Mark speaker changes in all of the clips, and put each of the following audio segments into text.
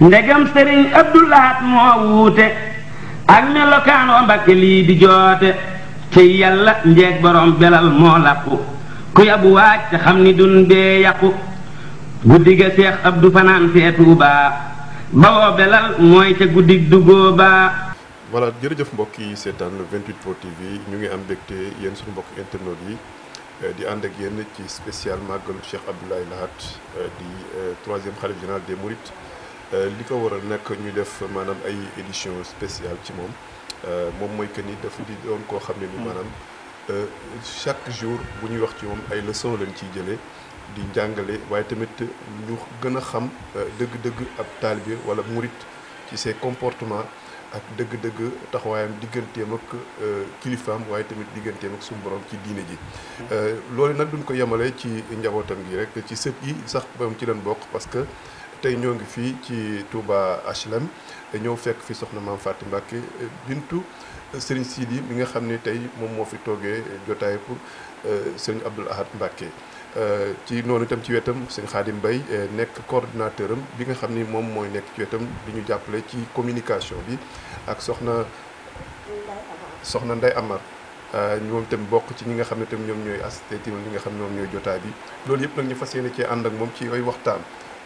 Speaker 1: ndegam sëriñ abdulahat moo wuute ak melokaan wa mbakke lii di jote te yàlla njeeg borom belal moo làqu ku yabu waaj te xam ni dun bee yàqu guddi ga seex abdu fanaan fee tuubaa bawoo belal mooy ca guddi dugoo baa
Speaker 2: voilà jërëjëf mbokk yi seetaan le 28 Pro TV ñu ngi am mbégte yéen suñu mbokk internet yi eh, di ànd ak yéen ci spécial màggalu Cheikh Abdoulaye Lahat eh, di eh, troisième khalife général des Mourides Euh, li ko war a nekk ñu def maanaam ay édition spéciale ci moom euh, moom mooy que nii dafa di doon koo xam ne ni hmm. maanaam euh, chaque jour bu ñuy wax ci moom ay leçon lañ ciy jëlee di njàngale waaye tamit ñu gën a xam dëgg-dëgg ab taalibe wala murit ci ses comportement ak dëgg-dëgg taxawaayam digganteem ak kilifaam waaye tamit digganteem ak suñu borom ci diine ji. Hmm. loolu nag duñ ko yemale ci njabootam gi rek ci sët yi sax bam ci leen bokk parce que. tey ñoo ngi fii ci Touba HLM ñëw fekk fi soxna maam Faty Mbacké bintu Serigne yi mi nga xam ni tey moom moo fi toogee jotaay pour euh, Serigne Abdoul Ahad Mbacké euh, ci noonu itam ci wetam sëñ Khadim Mbaye euh, nekk coordinateur am bi nga xam ni moom mooy nekk ci wetam di ñu jàppale ci communication bi ak soxna soxna Ndeye Amar ñoom itam bokk ci ñi nga xam ne itam ñoom ñooy assisté ci li nga xam ne ñoom ñooy jotaay bi loolu yëpp nag ñu fas yéene cee ànd ak moom ci yooyu waxtaan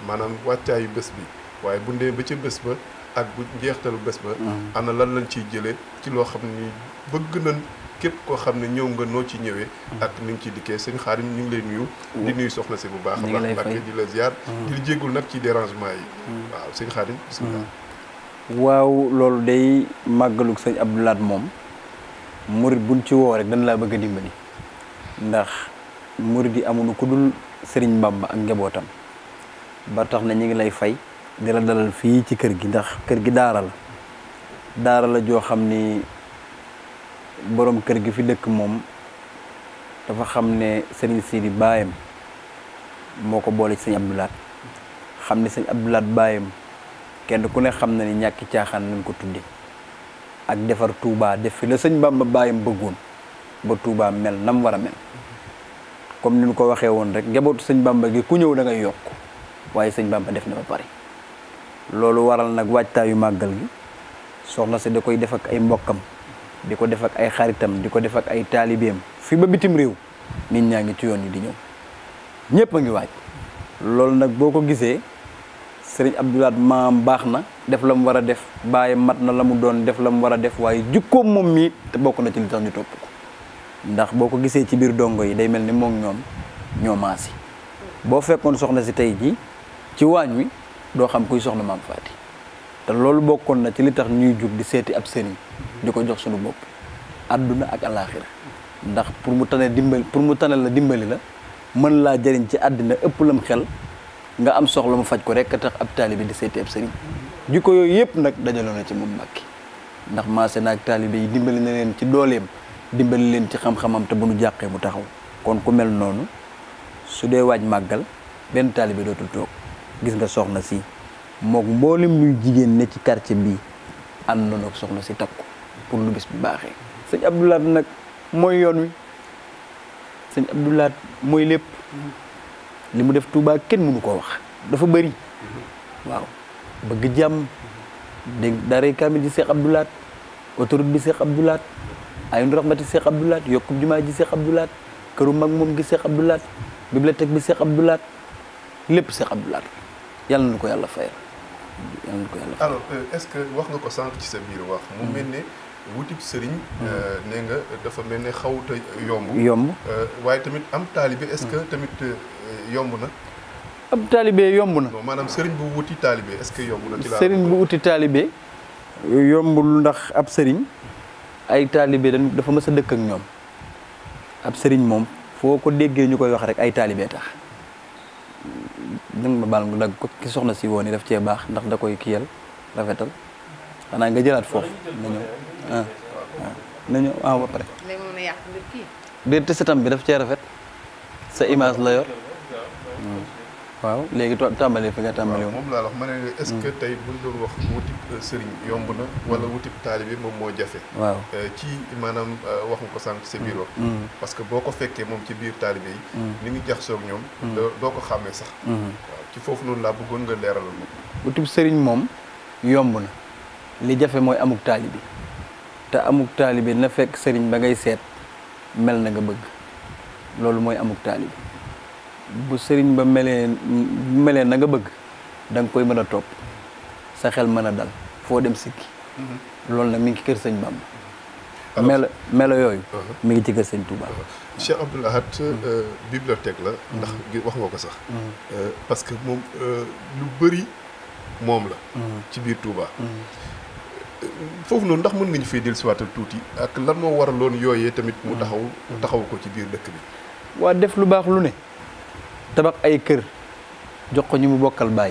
Speaker 2: maanaam wàccaayu bés bi waaye bu ndee ba ca bés ba ak bu njeextalu bés ba am mm. na lan lañ ciy jëlee ci loo xam ni bëgg nañ képp koo xam ne ñëw nga noo ci ñëwee mm. ak ni nga ci dikkee sëñ Xaadim ñu ngi lay nuyu di nuyu soxna si bu baax a baax ak di la ziar mm. di la jéggul nag ci dérangement yi waaw sëñ Xaadim bismillah
Speaker 1: waaw loolu day màggalug sëñ Abdou laat moom murit buñ ci woo rek dañ laa bëgg a dimbali ndax murit yi amuñu ku dul sëriñ Bamba ak njabootam ba tax na ñu ngi lay fay di la dalal fii ci kër gi ndax kër gi daaral la daara joo xam ni boroom kër gi fi dëkk moom dafa xam ne sëriñ Sidi baayam moo ko boole ci sëñ xam ne sëñ Abdoulaat baayam kenn ku ne xam na ni ñàkki caaxaan lañ ko tudde ak defar Touba def fi la sëñ ba baayam bëggoon ba Touba mel nam war a mel comme ni ñu ko waxee woon rek njabootu sëñ Bamba gi ku ñëw da ngay yokk waaye sëñ Bamba def na ba pare loolu waral nag waajtaayu màggal gi soxna si da koy def ay mbokkam di ko def ay xaritam di ko def ay taalibeem fii ba bitim réew nit ñaa ngi ci yoon yi di ñëw ñëpp a ngi waaj loolu nag boo ko gisee sëriñ Abdoulaat maam baax na def la mu war a def bàyyi mat na la mu doon def la mu war a def waaye jukkoom moom mii te bokk na ci li tax ñu topp ko ndax boo ko gisee ci biir dongo yi day mel ni moom ñoom ñoo maasi boo fekkoon soxna si tey ji ci waañ wi doo xam kuy soxla maam Faati te loolu bokkoon na ci li tax ñuy jug di seeti ab sëriñ di ko jox suñu bopp àdduna ak alaaxira ndax pour mu tane dimbali pour mu tane la dimbali la mën laa jëriñ ci àddina ëpp lam xel nga am soxla mu faj ko rek tax ab taalibi di seeti ab sëriñ jikko yooyu yëpp nag dajaloon na ci moom Mbàkke ndax maase na ak taalibe yi dimbali na leen ci dooleem dimbali leen ci xam-xamam te bu nu jàqee mu taxaw kon ku mel noonu su dee waaj màggal benn taalibe dootul toog gis nga soxna si mook mboolem luy jigéen ne ci quartier bi ànd na ak soxna si takku pour lu bis bi baaxee sëñ Abdoulaat nag mooy yoon wi sëñ Abdoulaat mooy lépp li mu def Touba kenn mënu ko wax dafa bëri waaw bëgg jàmm dégg daaray kaamil ji Cheikh Abdoulaat autoroute bi ay Cheikh Abdoulaat aynu raxmati Cheikh Abdoulaat yokkub jumaa ji Cheikh Abdoulaat këru mag moom gi Cheikh Abdoulaat bibliothèque bi Cheikh Abdoulaat lépp Cheikh Abdoulaye yàlla na ko yàlla fayal yàlla na ko yàlla fayal. alors
Speaker 2: euh, est-ce que wax nga ko sant ci sa biir wax. mu mel ne wutib sëriñ. Mm-hmm. Euh, ne nga dafa mel ne xawut a yomb. yomb euh, waaye tamit am taalibe est-ce que mm-hmm. tamit yomb na. am taalibe yomb na. non maanaam sëriñ bu wuti taalibe est-ce que yomb na. ci laa sëriñ
Speaker 1: bu wuti ndax ab sëriñ ay taalibe dañ dafa mës a dëkk ak ñoom ab sëriñ moom foo ko déggee ñu koy wax rek ay taalibee tax. dina ma baal nga dagg ko ki soxna si woon yi daf cee baax ndax da koy kiyal rafetal xanaa nga jëlaat foofu na ñëw ah, ah na ñëw ah ba pare.
Speaker 3: léegi
Speaker 1: te setam bi daf cee rafet sa image la yor. waaw léegi tàmbali fi nga tàmbali moom
Speaker 2: laa wax ma ne est ce hmm. que tey buñ doon wax wutib euh, sëriñ yomb na wala wutib taalibe moom moo jafe waaw euh, ci maanaam euh, wax ko sànq sa hmm. hmm. parce que boo ko fekkee moom ci biir taalibe yi ni ngi jax soog ñoom doo ko xàmmee sax waaw ci foofu noonu laa bëggoon nga leeralal moom
Speaker 1: wutib sëriñ moom yomb na li jafe mooy amuk taalibe te amuk taalibe na fekk sëriñ ba ngay seet mel na nga bëgg loolu mooy amuk taalibe bu sëriñ ba melee melee nanga bëgg danga koy mën a topp sa xel mën a dal foo dem sikki mhm. loolu nag mi ngi kër sëñ Bamba melo melo yooyu mi ngi ci kër sëñ mhm. Touba
Speaker 2: Cheikh Abdoul Ahad mhm. euh, bibliothèque la ndax wax nga ko sax euh, parce que moom euh, lu bari moom la ci biir Touba foofu noonu ndax mën nañu ñu fay dellusiwaatal tuuti ak lan moo waraloon yooyee tamit mu taxaw taxaw ko ci biir dëkk bi waa def lu baax lu ne tabax ay kër jox ko ñu mu bokkal baay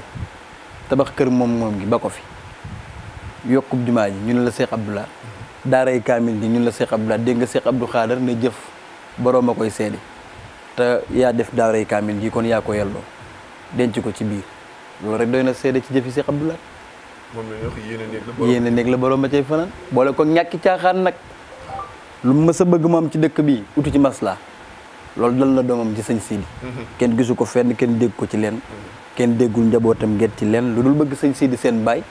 Speaker 1: tabax kër moom moom gi ba ko fi yokk jumaa ji ñu ne la Seex Abdoulaye daaray kaamil gi ñu ne la Seex Abdoulaye dégg nga Seex Abdou Xaadar ne jëf boroom a koy seede te yaa def daaray kaamil gi kon yaa ko yelloo denc ko ci biir loolu rek doy na seede ci jëfi Seex Abdoulaye
Speaker 2: moom la wax yéene néeg la yéene
Speaker 1: néeg la boroom fanaan boole ko ñàkki caaxaan nag lu mës a bëgg moom ci dëkk bi utu ci maslaa loolu dal la doomam ci sëñ Sidi mhm. kenn gisu ko fenn kenn dégg ko ci leen mhm. kenn déggul njabootam get ci leen lu dul bëgg sëñ Sidi seen baay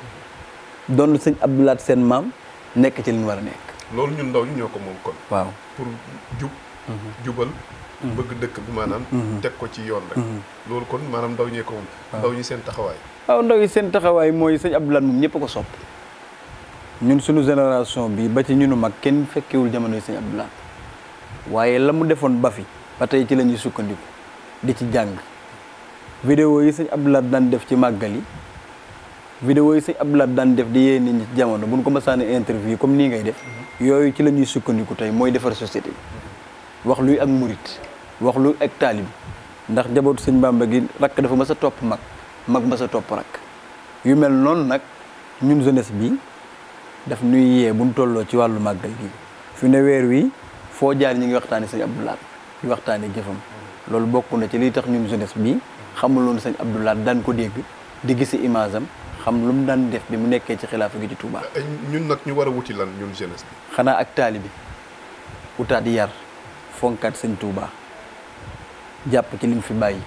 Speaker 1: donn sëñ Abdoulaat seen maam nekk ci li war a
Speaker 2: nekk loolu ñun ndaw ñu ko moom kon waaw pour jub mhm. jubal bëgg dëkk bi maanaam teg ko ci yoon rek loolu kon maanaam ndaw ñee ko moom ndaw ñi seen taxawaay waaw ndaw yi seen taxawaay mooy sëñ Abdoulaat moom ñëpp ko sopp
Speaker 1: ñun suñu génération bi ba ci ñunu mag kenn fekkewul jamono yi sëñ Abdoulaat waaye la mu defoon bafi ba tey ci lañuy sukkandiku di ci jàng vidéo yi sëñ Abdoulaye daan def ci màggal yi vidéo yi ab Abdoulaye daan def di yee nit ñi ci jamono buñ ko mësaane interview comme nii ngay def yooyu ci la ñuy sukkandiku tey mooy defar société bi wax luy ak murit wax luy ak taalib ndax njabootu sëñ Bàmba gi rakk dafa mës a topp mag mag mës a topp rakk yu mel noonu nag ñun jeunesse bi daf nuy yee buñ tolloo ci wàllu màggal gi fi ne weer wi foo jaar ñi ngi waxtaane sëñ Abdoulaye ñu waxtaanee jëfam loolu bokk na ci liy tax ñun jeunesse bi xamuloon sëñ Abdoulaye daan ko dégg di gisi image am xam lu mu daan def bi mu nekkee ci xilaafa gi ci Touba.
Speaker 2: Eh, eh, ñun nag ñu war a wuti lan ñun jeunesse
Speaker 1: bi. xanaa ak taali bi utaat yar fonkaat sañ tuuba jàpp ci lim fi bàyyi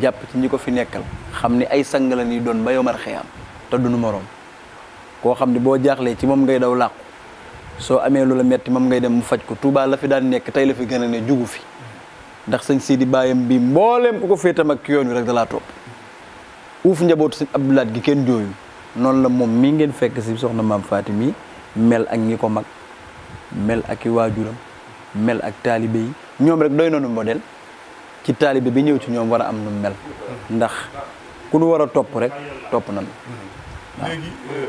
Speaker 1: jàpp ci ñi ko fi nekkal xam ni ay sang la ñuy doon ba yomar xëyam te nu moroom koo xam ne boo jaaxlee ci moom ngay daw làqu soo amee lu la metti moom ngay dem mu faj ko Touba la fi daan nekk tey la fi gën a ne jugu fi. ndax sëñ Sidi baayam bi mbooleem ku ko féetam ak yoon wi rek da laa topp uuf njabootu sëñ Abdoulaat gi kenn jooyu noonu la moom mii ngeen fekk si soxna maam Faati mii mel ak ñi ko mag mel ak i waajuram mel ak taalibe yi ñoom rek doy nañu modèle ci taalibe bi ñëw ci ñoom war a am nu mel ndax ku nu war a topp rek topp nañu
Speaker 2: léegi euh,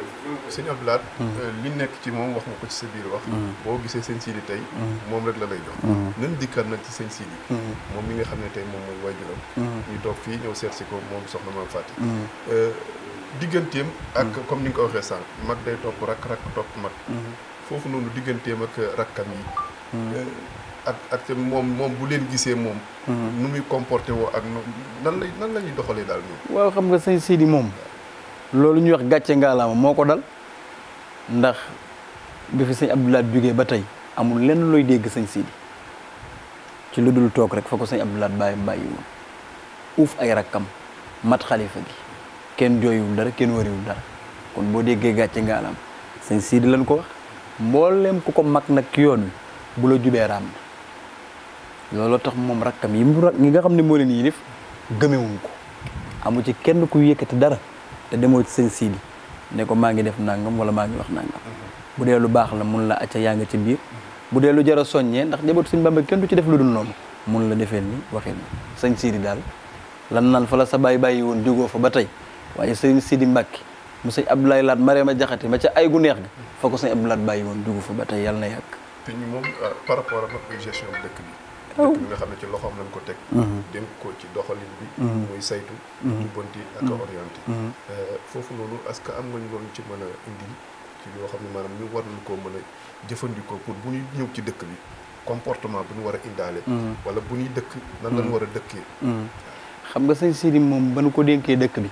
Speaker 2: sëñ Abdou Lahad hmm. euh, li nekk ci moom wax ma ko ci sa biir wax hmm. boo gisee sëñ Sidi tey hmm. moom rek la lay jox nan dikkaat nag ci sëñ Sidi moom mi nga xam ne tey moom mooy waajuram ñu toog fii ñëw seet si ko moom soxna Maam Faty euh, digganteem ak comme ni nga ko waxee sànq mag day topp rakk rakk topp mag foofu noonu digganteem ak rakkam yi ak ak moom moom bu leen gisee moom nu muy comporté woo ak nan lay nan la ñuy doxalee daal ñoom waaw xam nga sëñ Sidi moom
Speaker 1: loolu ñuy wax gàcce ngaalaama moo ko dal ndax bi fi sëñ Abdoulaye jógee ba tey amul lenn looy dégg sëñ Sidi ci lu dul toog rek fa ko sëñ Abdoulaye bàyyi bàyyi uuf ay rakkam mat xalifa gi kenn jooyiwul dara kenn wariwul dara kon boo déggee gàcce ngaalaam sëñ Sidi lañ ko wax mbooleem ku ko mag nag yoon wi bu la na looloo tax moom rakkam yi mu ñi nga xam ne moo leen yilif gëmewuñ ko amu ci kenn ku yëkkati dara te demoo ci sëñ siidi ne ko maa ngi def nangam wala maa ngi wax nangam mhm. bu dee lu baax la mun la acca yaa nga ci biir mhm. bu dee lu jar a soññee ndax njabootu sëñ Bamba kenn du ci def lu dul noonu mun la defee ni waxee ni sëñ siidi daal lan naan fa la sa bàyyi bàyyi woon jógoo fa ba tey waaye sëñ siidi mbàkki mu ab Abdoulaye Laat Marema Jaxate ma ca ay gu neex ga fa ko sëñ Abdoulaye bàyyi woon jógu fa ba tey yàlla na yàgg
Speaker 2: te ñu euh, bi lépp mmh. li nga xam ne ci loxoom lañ ko teg mmh. denk ko ci doxalin bi mmh. muy saytu jubbanti ak orienté euh, foofu noonu est que am nga ñu loolu ci mën a indi ci yoo xam war nañ koo mën jëfandikoo pour bu ñuy ñëw ci dëkk bi comportement bu ñu war a indaale wala bu ñuy dëkk nan lañ war a dëkkee
Speaker 1: xam nga sëñ Sidi moom ba nu ko dénkee dëkk bi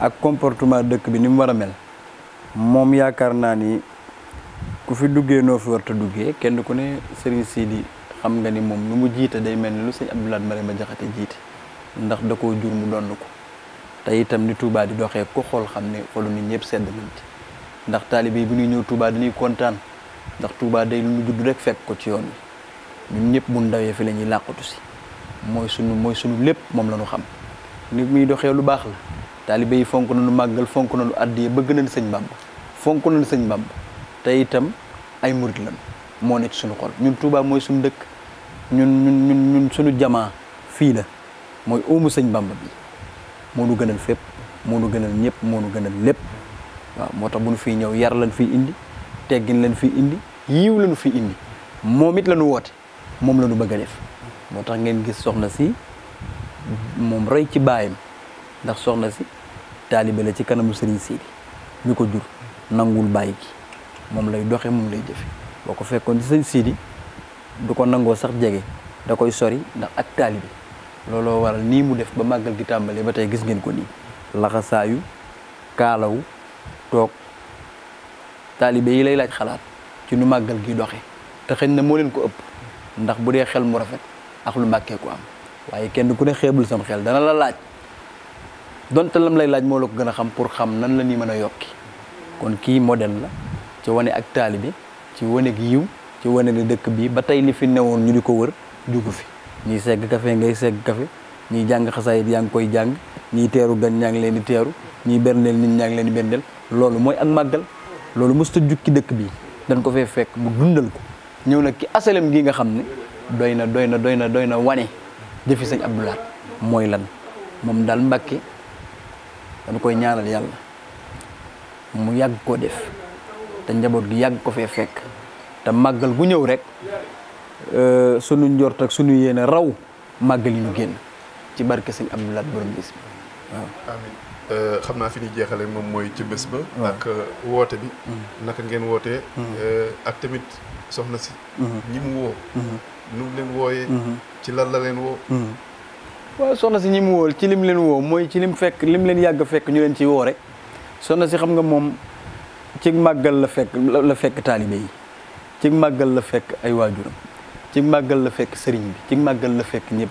Speaker 1: ak comportement dëkk bi ni mu war a mel moom yaakaar naa ni ku fi duggee noo fi war duggee kenn ku ne sëriñ Sidi xam nga ni moom lu mu jiita day mel ni lu sëñ ma Lahad ma Jaxate jiite ndax da koo jur mu donn ko te itam ni Touba di doxee ko xool xam ne xolu nit ñëpp sedd nañ ci ndax taalibe yi bu ñuy ñëw Touba dañuy kontaan ndax Touba day lu ñu judd rek fekk ko ci yoon wi ñun ñëpp mun ndawee fi la ñuy làqatu si mooy sunu mooy sunu lépp moom la ñu xam ni muy doxee lu baax la taalibe yi fonk nañu màggal fonk nañu addiye bëgg nañu sëñ Bamba fonk nañu sëñ Bamba te itam ay murit la moo nekk sunu xol ñun Touba mooy suñu dëkk ñun ñun ñun ñun suñu jamaa fii la mooy óomu sëñ bamba bi moo nu gënal fépp moo nu gënal ñëpp moo nu gënal lépp waaw moo tax bu nu fiy ñëw yar lañ fii indi teggin lan fii indi yiw lañu fi indi moom it lañu woote moom lañu bëgg a def moo tax ngeen gis soxna si moom rey ci baayam ndax soxna si taalibe la ci kanamu sëriñ Sidi mi ko jur nanguwul bàyyi ki moom lay doxe moom lay jëfe boo ko fekkoon ci sëriñ Sidi du ko nangoo sax jege da koy sori ndax ak taalibe looloo waral nii mu def ba màggal gi tàmbalee ba tey gis ngeen ko nii laxasaayu kaalawu toog taalibe yi lay laaj xalaat ci nu màggal gi doxe te xëñ na moo leen ko ëpp ndax bu dee xel mu rafet ak lu mbàkkee ko am waaye kenn ku ne xeebul sam xel dana la laaj donte lam lay laaj moo la ko gën a xam pour xam nan la ñuy mën a yokki kon kii modèle la ci wane ak taalibe ci wane gi yiw ci wane ne dëkk bii ba tey li fi newoon ñu di ko wër jugu fi ñiy segg kafe ngay segg kafe ñiy jàng xasaayit yaa ngi koy jàng ñiy teeru gan ñaa ngi leen di teeru ñiy berndeel nit ñaa leen di berndeel loolu mooy ak màggal loolu mësta jukki dëkk bi dañ ko fee fekk mu dundal ko ñëw nag ki asalem gi nga xam ne doy na doy na doy na doy na wane jëfi sañ Abdoulaat mooy lan moom daal Mbàkke dañ koy ñaanal yàlla mu yàgg koo def te njaboot gi yàgg ko fee fekk te màggal bu ñëw rek euh, sunu njort ak sunu yéene raw màggal
Speaker 2: yi ñu génn ci barke sëñ am Lahad borom bis bi waaw euh, xam naa fi ñuy jeexale moom mooy ci bés ba ak euh, woote bi mm. naka ngeen wootee mm. soxna si mm-hmm. ñi mu woo mm-hmm. nu mm-hmm. ci lan la leen woo
Speaker 1: waaw soxna si ñi mu woo ci lim leen woo mooy ci lim fekk lim leen yàgg fekk ñu leen ci woo rek soxna si xam nga moom ci màggal la fekk la fekk taalibe yi ci màggal la fekk ay waajuram ci màggal la fekk sëriñ bi ci màggal la fekk ñëpp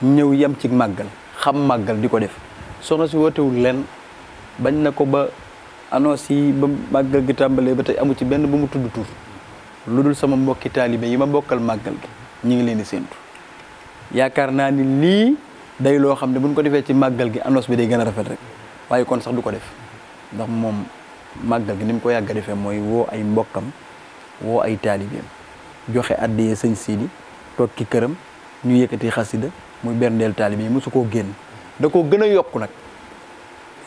Speaker 1: ñëw yem ci màggal xam màggal di ko def soxna si wootewul leen bañ na ko ba annonce yi ba màggal gi tàmbalee ba tey amu ci benn bu mu tudd tur lu dul sama mbokki taalibe yi ma mbokkal màggal gi ñu ngi leen di séentu yaakaar naa ni lii day loo xam ne buñ ko defee ci màggal gi annonce bi day gën a rafet rek waaye kon sax du ko def ndax moom màggal gi ni mu ko yàgg a defee mooy woo ay mbokkam woo ay taalibeem joxe addiyee sëñ Sidi toog ki këram ñu yëkkati xasida muy berndeel taalibe mu mosu koo génn da koo gën a yokk nag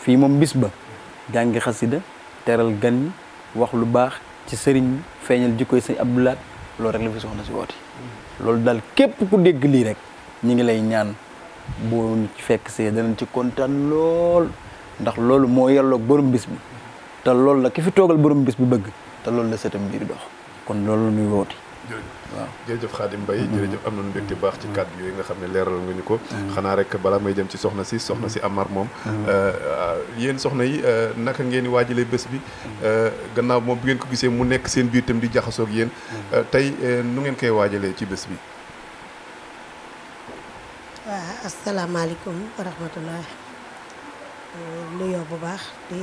Speaker 1: fii moom bis ba jàngi xasida teral gan ñi wax lu baax ci sëriñ bi feeñal jikkoy sëñ Abdoulaat loolu rek la fi soxna si woote loolu daal képp ku dégg lii rek ñu ngi lay ñaan boo fekk see danañ ci kontaan lool ndax loolu moo yelloog borom bis bi te loolu la ki fi toogal borom bis bi bëgg te loolu la sëtam biir dox kon loolu
Speaker 2: nuy woote waaw jërëjëf Khadim Mbaye mm-hmm. jërëjëf am nañu mbégte baax ci mm-hmm. kàddu yooyu nga xam ne leeral nga ñu ko mm-hmm. xanaa rek balaa may jëm ci soxna si soxna si Amar moom euh, euh, yéen soxna yi euh, naka ngeen di waajalee bés bi gannaaw moom bi ngeen ko gisee mu nekk seen biir itam di jaxasoog yéen tey nu ngeen koy waajalee ci bés bi
Speaker 4: waaw asalaamaaleykum wa rahmatullah nuyoo bu baax di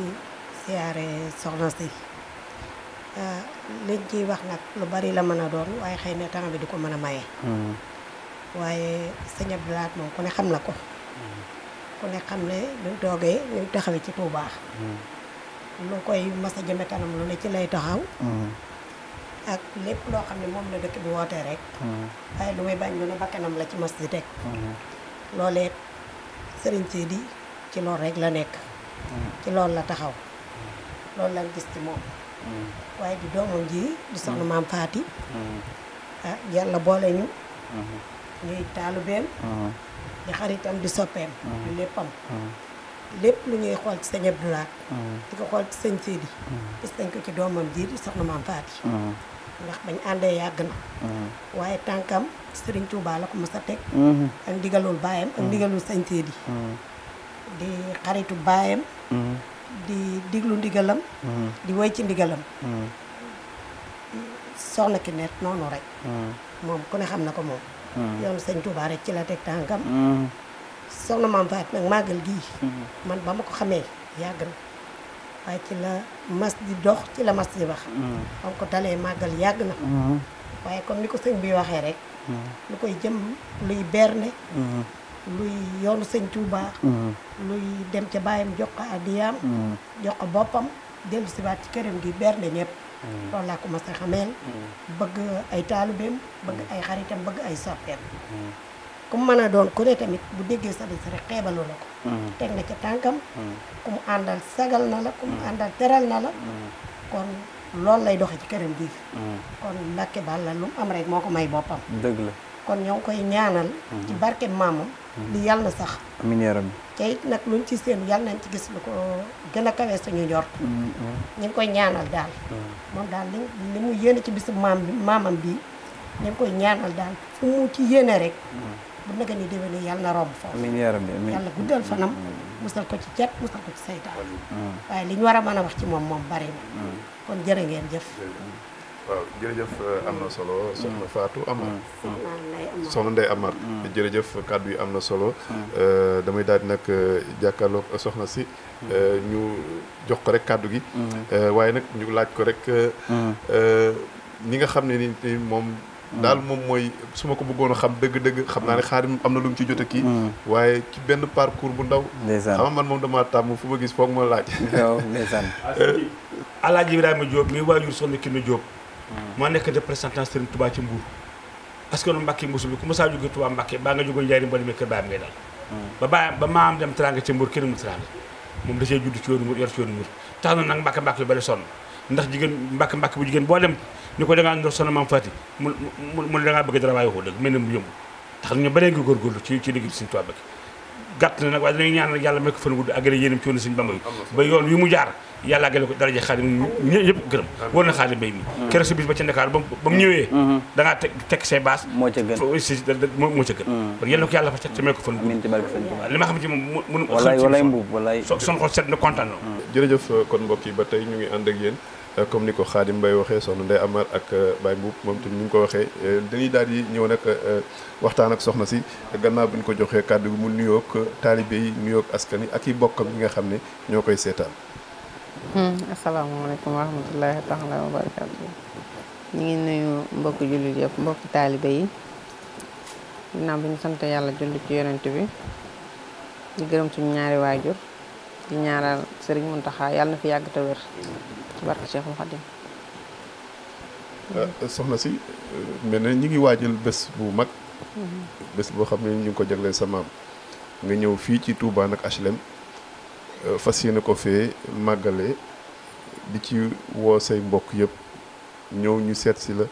Speaker 4: siyaare soxna si Euh, liñ ciy wax nag lu bari la mën a doon waaye xëy na temps bi du ko mën a maye. Hmm. waaye sëñ Abdou Lahad moom ne xam na ko. Hmm. ku ne xam ne lu toogee ñu taxawee ci Touba. Hmm. lu koy mas a jëme kanam ci lay taxaw. ak lépp loo xam ne moom la dëkk bu wootee rek. waaye lu muy bañ lu ne bakkanam la ci mas di teg. loolee sëriñ Sidi ci loolu rek la nekk. ci loolu la taxaw. loolu lañ gis ci moom. Mm. waaye di doomam ji di soxna mm. maam Faati mm. ah yàlla boole ñu mm-hmm. ñuy taalubeem mm-hmm. di xaritam di soppeem mm-hmm. léppam lépp lu ñuy xool ci sëñ Abdou Lahad di ko xool ci sëñ Seydi gis ko ci doomam ji di soxna maam Faati ndax bañ àndee yàgg na waaye tànkam Serigne Touba la ko mës sa teg ak ndigalul baayam ak ndigalul sëñ Seydi di xaritu baayam di diglu ndigalam. Mm. di woy ci ndigalam. Mm. soxna ki nekk noonu rek. Mm. moom ku ne xam na ko moom. yoonu sëñ Touba rek ci la teg tànkam. soxna maam Faat nag màggal gii. Mm-hmm. man ba ma ko xamee yàgg na waaye ci la mas di dox ci la mas di wax. ba ko talee màggal yàgg na. Mm-hmm. waaye comme ni ko sëñ bi waxee rek. lu koy jëm luy berne. Mm-hmm. luy yoonu sëñ Touba. Mm-hmm. luy dem ca baayam jox ko addiyaam mm-hmm. jox ko boppam dellu si waat ci këram gi bernde ñëpp mm-hmm. loolu laa ko mas a xameel bëgg ay taalibeem bëgg ay xaritam bëgg ay soppeem ku mën a doon ku ne tamit bu déggee sa bis rek xeebalu la ko teg na ca tànkam ku mu àndal sagal na la ku mu àndal teral na la kon loolu lay doxe ci këram gi kon Mbàkke Bàlla lu mu am rek moo ko may boppam dëgg la kon ñoo koy ñaanal ci barke maamam li mhm. yàlla na sax. amiin yaa rabbi. te it nag luñ ci seen yàlla nañ ci gis lu ko gën a kawe suñu njort. Mhm, mhm. ñu ngi koy ñaanal daal. moom daal li li mu yéene ci bisu maam bi maamam bii ñu ngi koy ñaanal daal fu mu ci yéene rek. bu naka ni déwénee yàlla na romb foofu. amiin
Speaker 2: yaa rabbi
Speaker 1: amiin yàlla guddal
Speaker 4: fanam. musal ko ci cat musal ko ci saytaan. waaye li ñu war a mën a wax ci moom moom bari na. kon jërë ngeen jëf.
Speaker 2: jërëjëf eh, am na solo soxna mm. Fatou Amar mm. mm. soxna Ndeye Amar jërëjëf kàddu yi am na solo eh, damay daal di nag eh, jàkkaarloog soxna si ñu jox ko rek kàddu gi waaye nag ñu laaj ko rek ñi nga xam ne ni moom daal moom mooy su ma ko bëggoon a xam dëgg-dëgg xam naa ne xaarim am na lu mu ci jot a kii waaye ci benn parcours bu ndaw xam man moom damaa tàmm fu ma gis foog ma laaj yi Alaaji ma Diop mi waajur soxna nu Diop moo nekk
Speaker 1: représentant Serigne Touba ci Mbour askanu Mbàkke mbusul bi ku saa jóge Touba Mbàkke baa nga jóge Njaaréem boo demee kër baayam ngay dal hmm. ba baayam ba maam dem teraanga ci Mbour kenn mu teraanga moom da cee judd ci yoonu Mbour yor tax na nag mbàkk mbàkk yu bari sonn ndax jigéen mbàkk mbàkk bu jigéen boo dem ni ko da ngaa ndor sonn maam mu mu mu ne da bëgg dara waaye waxoo dëgg mel na mu yëmb tax na ñu baree ngi góorgóorlu ci ci liggéey Serigne gàtt na nag waaye danañ ñaan yàlla may ko fan gudd agale yéenam ci woon suñu bamba bi ba yoon yu mu jaar yàlla agale ko daraja xaadim ñëpp gërëm war mu ñëwee mm-hmm. da teg teg say baas moo ca gën moo ca gën mm. kon yal na ko yàlla fa ca te may ko
Speaker 2: fan gudd waaw
Speaker 1: li ma xam ci moom mënu walaay walaay mbuub walaay son xol set na kontaan na
Speaker 2: mm. jërëjëf kon mbokk yi ba tey ñu ngi ànd ak yéen Euh, comme ni ko Xaadim Mbay waxee soxna Ndey Amar ak euh, Baye Mbuub moom tamit ni mu ko waxee euh, dañuy daal di ñëw nag waxtaan ak soxna si gannaaw bi ñu ko joxee kàddu gi mu nuyoog taalibe yi askan yi ak i bokkam yi nga xam ne ñoo koy seetaan.
Speaker 3: Hmm, asalaamaaleykum wa rahmatullaahi taala wa barakaatu. ñu jullit yëpp mbokki taalibe yi ginnaaw bi ñu sant yàlla julli ci yonent bi di gërëm suñu ñaari waajur. di ñaanal Serigne Mountakha yàlla na fi yàgg te wér ci barke Cheikhul
Speaker 2: euh, euh, soxna si euh, mel na ñi ngi waajal bés bu mag mhm. bés boo xam ne ñu ngi ko jagleel sa maam nga ñëw fii ci Touba nag HLM fas yéene ko fee màggale di ci woo say mbokk yëpp ñëw ñu seet si la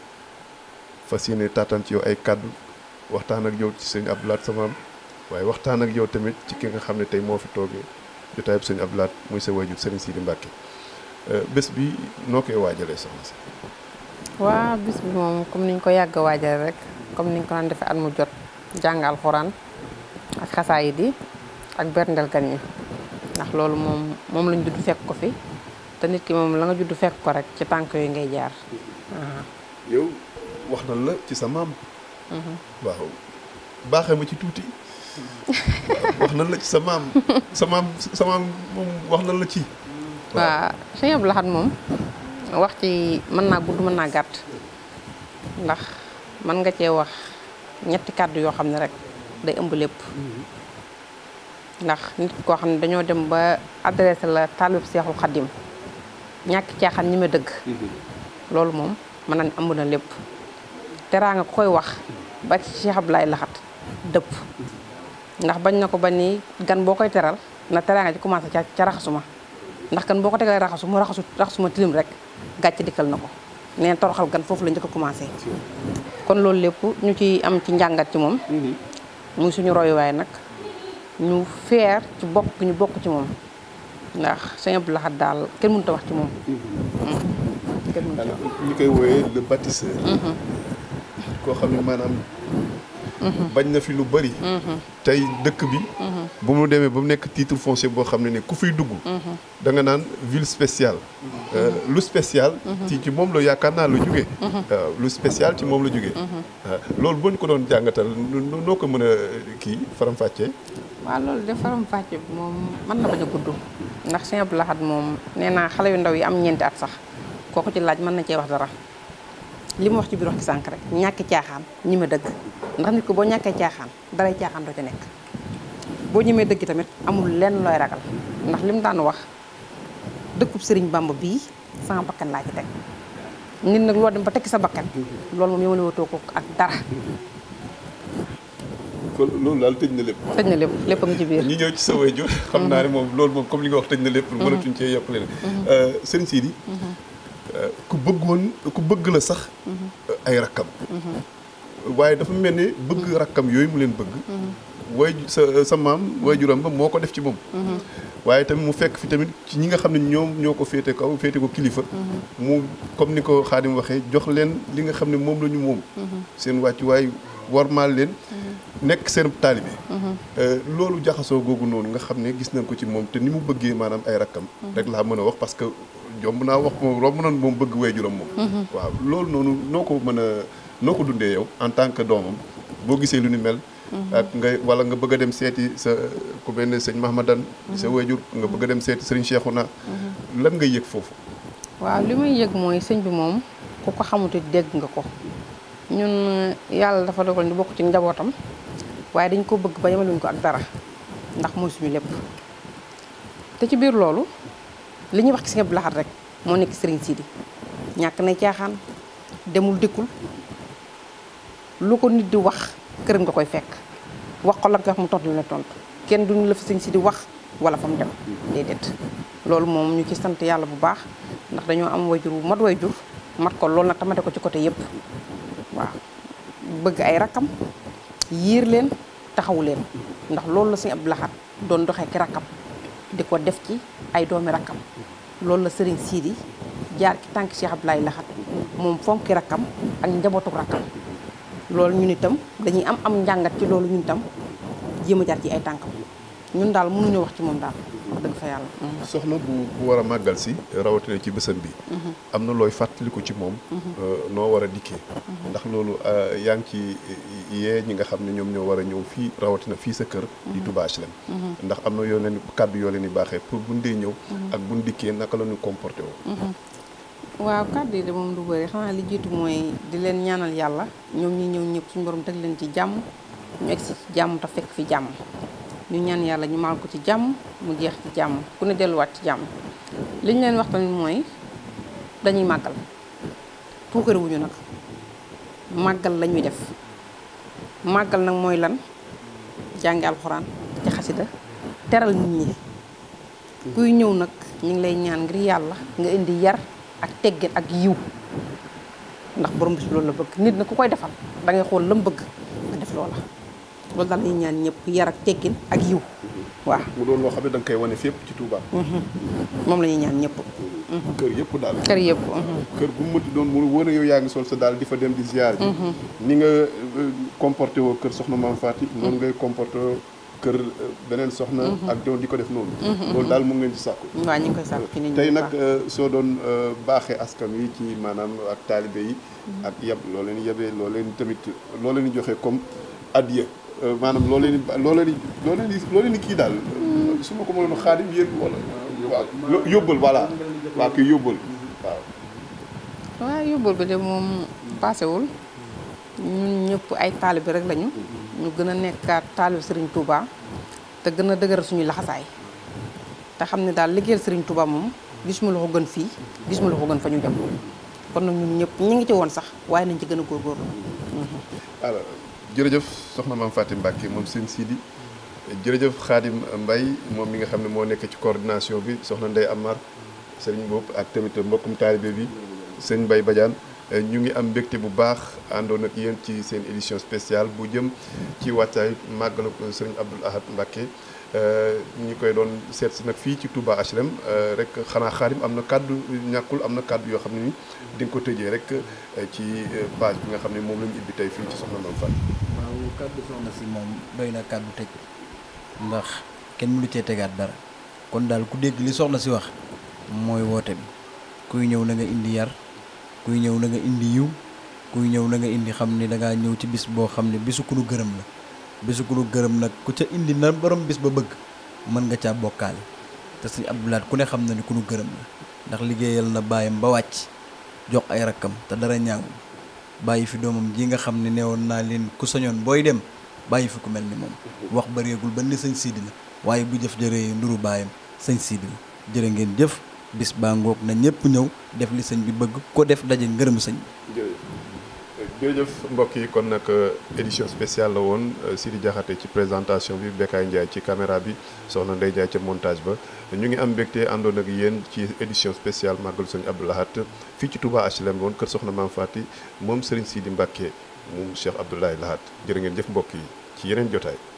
Speaker 2: fas yéene taataan ci yow ay kàddu waxtaan ak yow ci sëñ Abdou Lahad sa maam waaye waxtaan ak yow tamit ci ki nga xam ne tey moo fi toogee jotaay bi sëñ Abdou Lahad muy sa waajur sëriñ Sidi Mbacke euh, bés bi noo koy waajalee soxna si.
Speaker 3: waaw bis bi moom comme niñ ko yàgg a waajal rek comme niñ ko daan defee at mu jot jàng alxuraan ak xasaayid yi ak berndel gan yi ndax loolu moom moom lañ judd fekk ko fi te nit ki moom la nga judd fekk ko rek ci tànk yooyu ngay jaar. yow
Speaker 2: wax na la ci sa maam. Mhm. waaw baaxee ma ci tuuti. wax nan la ci sa maam sa maam sa maam moom wax nan la ci.
Speaker 3: waaw sëñ Abdou Lahad moom wax ci mën naa gudd mën naa gàtt ndax mën nga cee wax ñetti kàddu yoo xam ne rek day ëmb lépp. ndax nit koo xam ne dañoo dem ba adressé la taalib seexul xaddim ñàkk caaxaan ñi ma dëgg. Mm-hmm. loolu moom mën nañ ëmb na lépp. teraa nga koy wax ba ci Cheikh Abdou Lahad dëpp. ndax bañ na ko bañ nii gan boo koy teral na teraanga ci commencé ca ca raxasuma ndax gan boo ko tegalee raxasu mu raxasu raxasuma tilim rek gàcce dikkal na ko neen toroxal gan foofu la njëkk a commencé kon loolu lépp ñu ci am ci njàngat ci moom mhm. muy suñu royuwaay nag ñu feer ci bokk ñu bokk ci moom ndax sëñ Abdou laxat daal kenn mënut a wax ci moom
Speaker 2: mhm. mm. kenn mhm. koo xam ne maanaam bañ na fi lu bëri. Mhm. tey dëkk bi. Mhm. bu mu demee ba mu nekk tiitu foncier boo xam ne ne ku fiy dugg. Mhm. danga naan ville spéciale. Euh, lu spécial. ci ci moom la yaakaar naa la jógee. Euh, lu spécial ci moom la jógee. Euh, loolu boo ñu ko doon jàngatal noo ko mën a kii faram-fàccee. loolu de
Speaker 3: faram-fàccee bi moom mën na bañ a gudd. ndax sëñ Abdou Lahad moom nee naa xale yu ndaw yi am ñeenti at sax kooku ci laaj mën na cee wax dara li mu wax ci biir wax ci sànq rek ñàkk caaxaan ñi ma dëgg. ndax nit ko boo ñàkkee caaxaan daray caaxaan doo ca nekk boo ñemee dëgg tamit amul lenn looy ragal ndax li mu daan wax dëkkub sëriñ Bamba bii sama bakkan laaj ci teg nit nag loo dem ba tekki sa bakkan loolu moom yemale ko ak
Speaker 2: kon loolu daal tëj na lépp
Speaker 3: tëj na lépp léppam ci biir ñu ñëw
Speaker 2: ci sa waajur xam mm-hmm. naa ne moom loolu moom comme li nga wax tëj na lépp mm-hmm. mënatuñ cee yokk leen mm-hmm. euh, sëriñ Sidi euh, ku
Speaker 3: bëggoon ku bëgg la sax
Speaker 2: ay rakkam waaye dafa mel ni bëgg rakkam yooyu mu leen bëgg way sa euh, sa maam waajuram ba moo ko def ci moom waaye tamit mu fekk fi tamit ci ñi nga xam ne ñoom ñoo ko féete kaw féete ko kilifa mu comme ni ko Xaadim waxee jox leen li nga xam ne moom la ñu moom seen wàccuwaay maal leen nekk seen taalibe euh, loolu jaxasoo googu noonu nga xam ne gis nañ ko ci moom te ni mu bëggee maanaam ay rakkam rek laa mën a wax parce que jomb naa wax moom romb nañ moom bëgg waajuram moom mhm. waaw loolu noonu noo ko mën a noo ko dundee yow en tant que doomam boo gisee lu ni mel. Mm-hmm. ak nga wala nga bëgg a dem seeti sa ku benn sëñ Mahmadan mm-hmm. sa wayjur nga bëgg a dem seeti seexu na
Speaker 3: mm-hmm.
Speaker 2: lan nga yëg foofu.
Speaker 3: waaw li may yëg mooy sëñ bi moom ku ko xamute dégg nga ko ñun eh, yàlla dafa dogal ñu bokk ci njabootam waaye dañ ko bëgg ba yemaluñ ko ak dara ndax mooy suñu lépp te ci biir loolu li ñuy wax ci sëñ Abdou rek moo nekk sëriñ Sidi ñàkk na caaxaan demul dikkul. lu ko nit di wax këram nga koy fekk wax ko la nga wax mu tontu la tontu kenn duñu la fi sëñ si di wax wala fa mu dem déedéet loolu moom ñu ci sant yàlla bu baax ndax dañoo am wayjur wu mat wayjur mat ko loolu nag tamate ko ci côté yëpp waaw bëgg ay rakkam yiir leen taxawu leen ndax loolu la sëñ Abdou Lahad doon doxee ki rakkam di ko def ci ay doomi rakkam loolu la sëriñ Sidi jaar ci tànk Cheikh Abdoulaye Lahad moom fonki rakkam ak njabootu rakkam loolu ñun itam dañuy am am njàngat ci loolu ñun itam jéem a jaar ci ay tànkam ñun daal mënuñu wax ci moom daal wax fa yàlla.
Speaker 2: Mm-hmm. soxna bu bu war a màggal si rawatina ci bésam bi. Mm-hmm. am na looy fàttaliku ci moom. Mm-hmm. Euh, noo war a dikkee. ndax loolu euh, yaa ngi ci yee ñi nga xam ne ñoom ñoo war a ñëw fii rawatina fii sa kër. di Touba HLM. ndax am na yoo leen kàddu yoo leen ni baaxee pour bu buñ dee ñëw. ak buñ dikkee naka la ñu comporté woo.
Speaker 3: waaw kàddu yi de moom du bëri xanaa li jiitu mooy di leen ñaanal yàlla ñoom ñi ñëw ñëpp suñu borom teg leen ci jàmm ñu egsi ci jàmm te fekk fi jàmm ñu ñaan yàlla ñu maal ko ci jàmm mu jeex jàmm ku ne delluwaat ci jàmm li ñu leen wax tamit mooy dañuy màggal tuukare nag màggal la ñuy def màggal nag mooy lan jàngi alxuraan ci xasida teral nit ñi kuy ñëw nag ñu ngi lay ñaan ngir yàlla nga indi yar ak teggin ak yiw ndax borom bis loolu la bëgg nit na ku koy defal da ngay xool la mu bëgg nga def loola loolu daal lañuy ñaan ñëpp yar ak teggin ak yiw
Speaker 2: waaw mu doon loo xam ne da koy wane fépp ci Touba. Mhm. moom la ñuy ñaan ñëpp. Mhm. kër yëpp daal. kër yëpp. Mhm. kër gu mu mënti doon mu wër yow yaa ngi sol sa daal di fa dem di ziar ji. ni nga euh, comporté woo kër soxna Mame Faty noonu ngay comporté kër euh, beneen soxna. Mhm. ak doon di ko def noonu. Mhm, mhm, loolu daal mu ngi di sàkku. waaw ngi koy sàkku ci nit tey nag euh, soo doon euh, baaxee askan wi ci maanaam ak taalibe yi. ak yab loo leen yabee loo leen tamit loo leen di joxe comme adiya maanaam loo leen di loo leen di loo leen kii daal. su ma ko mënoon xaadim yéen wala. waaw yóbbal voilà waa kii yóbbal
Speaker 3: waaw. yóbbal bi de moom mm. paasewul. ñun ñëpp ay taalib rek lañu. ñu gën a nekkaat taalibe Serigne Touba te gën a dëgëral suñu laxasaay te xam ne daal liggéeyal sëriñ Touba moom gis mu la gën fii gis mu la gën fa ñu jëm kon nag ñun ñëpp ñu ngi ci woon sax waaye nañ ci gën a góorgóorlu.
Speaker 2: alors jërëjëf soxna maam Fatim Mbacke moom seen Sidi jërëjëf Khadim mbay moom mi nga xam ne moo nekk ci coordination bi soxna Ndeye Amar Serigne Mboup ak tamit mbokkum taalibe bi seen mbay Badiane. Euh, ñu ngi am mbégte bu baax àndoon ak yéen ci seen édition spéciale bu jëm ci wàccaay màggalu Serigne Abdoul Ahad Mbacké euh, ñu koy doon seet si nag fii ci Touba HLM euh, rek xanaa xaarim am na kàddu ñàkkul am na kàddu yoo xam ne ni di nga ko tëjee rek ci page bi nga xam ne moom la ibbi tey fii ci Soxna Mame
Speaker 1: Fall si moom doy na kàddu ndax kenn mënu cee tegaat dara kon daal ku dégg li soxna si wax mooy woote bi kuy ñëw na nga indi yar kuy ñëw na nga indi yiw kuy ñëw na nga indi xam ni da ngaa ñëw ci bis boo xam ne bisu ku nu gërëm la bisu ku nu gërëm nag ku ca indi na borom bis ba bëgg mën nga caa bokkaale te sëñ Abdou Lahad ku ne xam na ni ku gërëm ndax liggéeyal na baayam ba wàcc jox ay rakkam te dara ñaawul bàyyi fi doomam ji nga xam ne neewoon naa leen ku sañoon booy dem bàyyi fi ku mel ni moom wax ba réegul ba ni sëñ Sidi la waaye bu jëf jëree nduru baayam sëñ Sidi la jërë ngeen jëf bis baa ngoog na ñëpp ñëw def li sëñ bi bëgg ko def daje ngërëm sëñ
Speaker 2: bi jërëjëf mbokk yi kon nag euh, édition spéciale la woon euh, di Diakhaté ci présentation bi Bekaay Ndiaye ci caméra bi soxna Ndeye jaay ca montage ba ñu ngi am mbégte àndoon ak yéen ci édition spéciale màggalu sëñ Abdou Lahat fii ci tubaa HLM woon kër soxna Maam Faty moom Serigne Sidi Mbacké moom Cheikh Abdoulaye Lahat jërë ngeen jëf mbokk yi ci yeneen jotaay